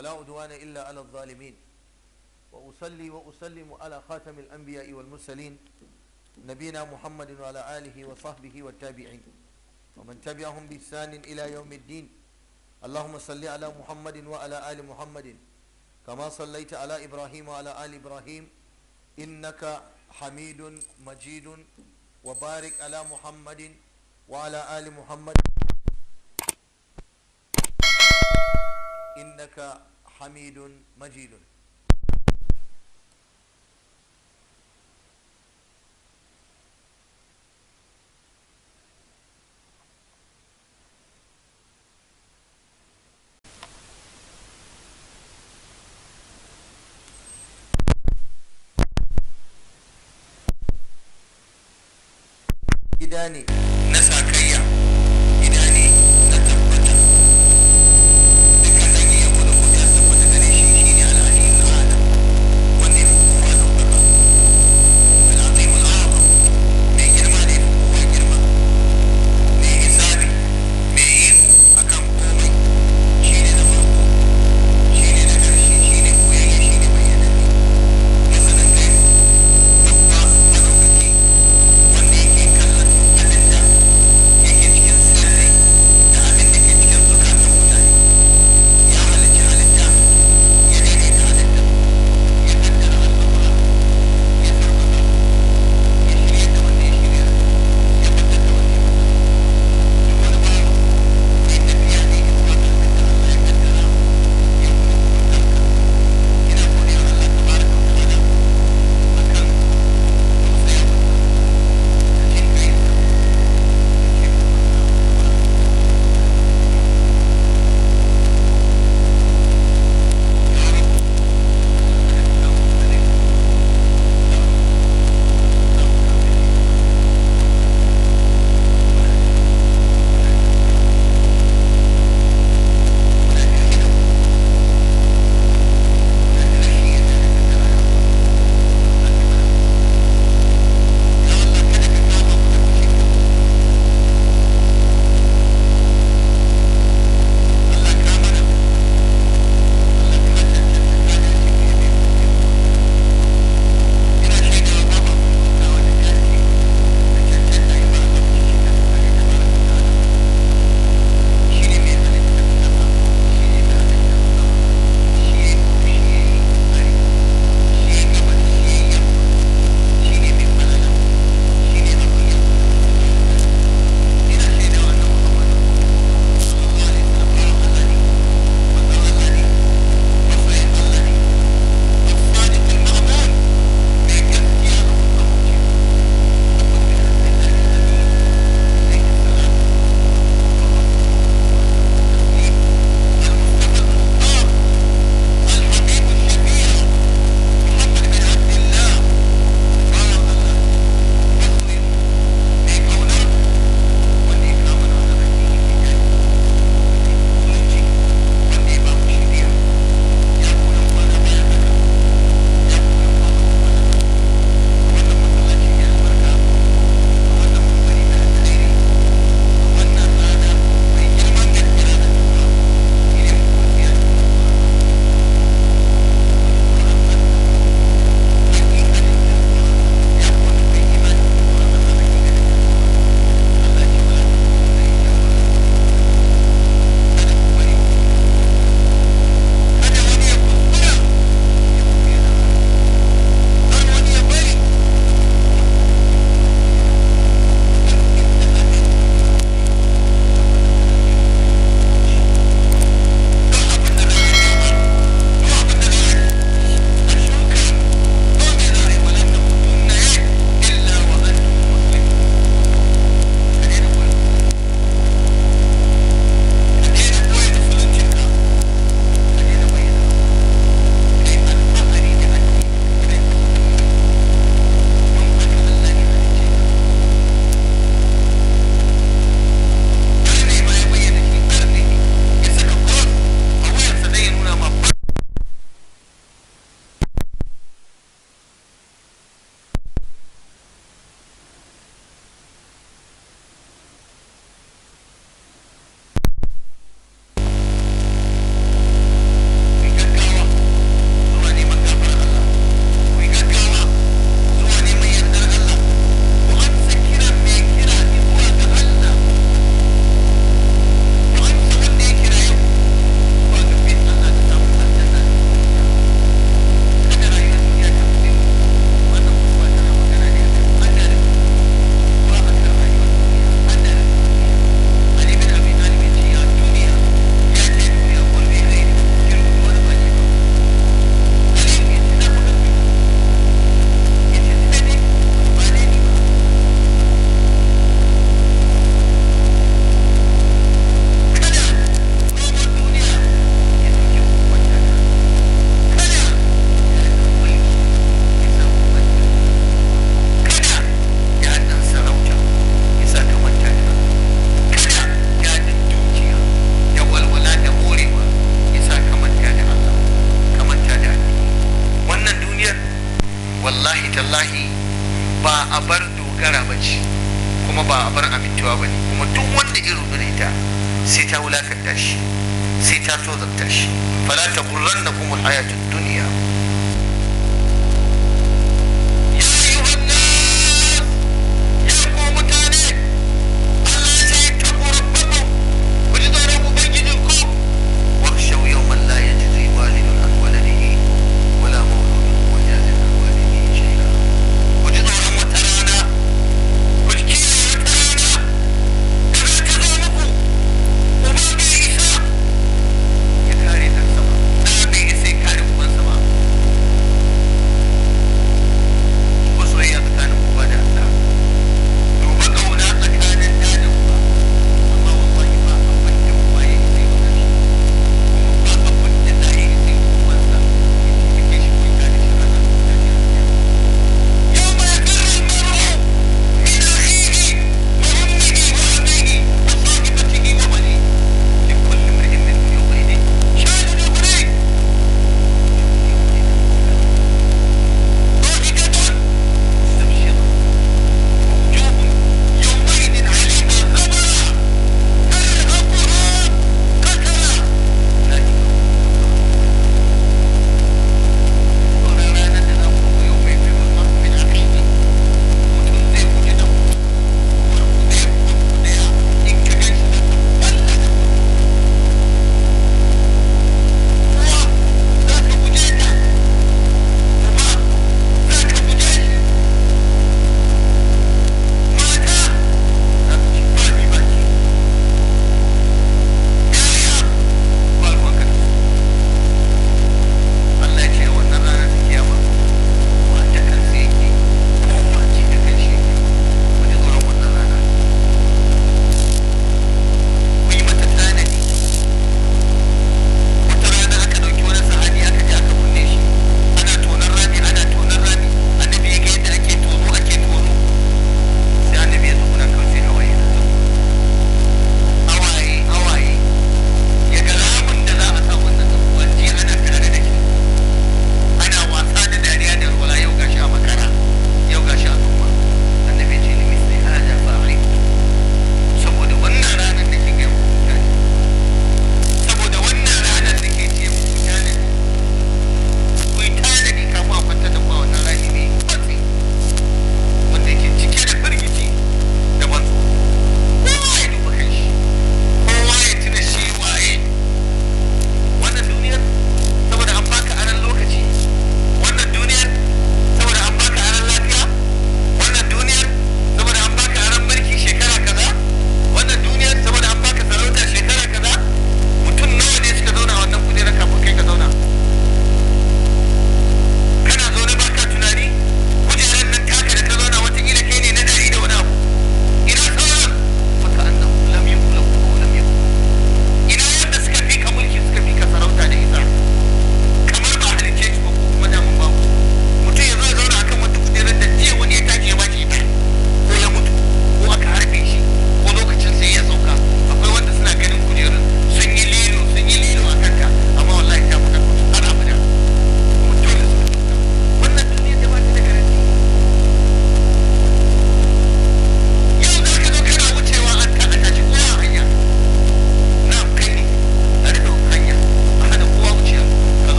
ولا عدوان إلا على الظالمين وأصلي وأسلم على خاتم الأنبياء والمرسلين نبينا محمد وعلى آله وصحبه والتابعين ومن تبعهم بإحسان إلى يوم الدين اللهم صل على محمد وعلى آل محمد كما صليت على إبراهيم وعلى آل إبراهيم إنك حميد مجيد وبارك على محمد وعلى آل محمد إنك حميد مجيد داني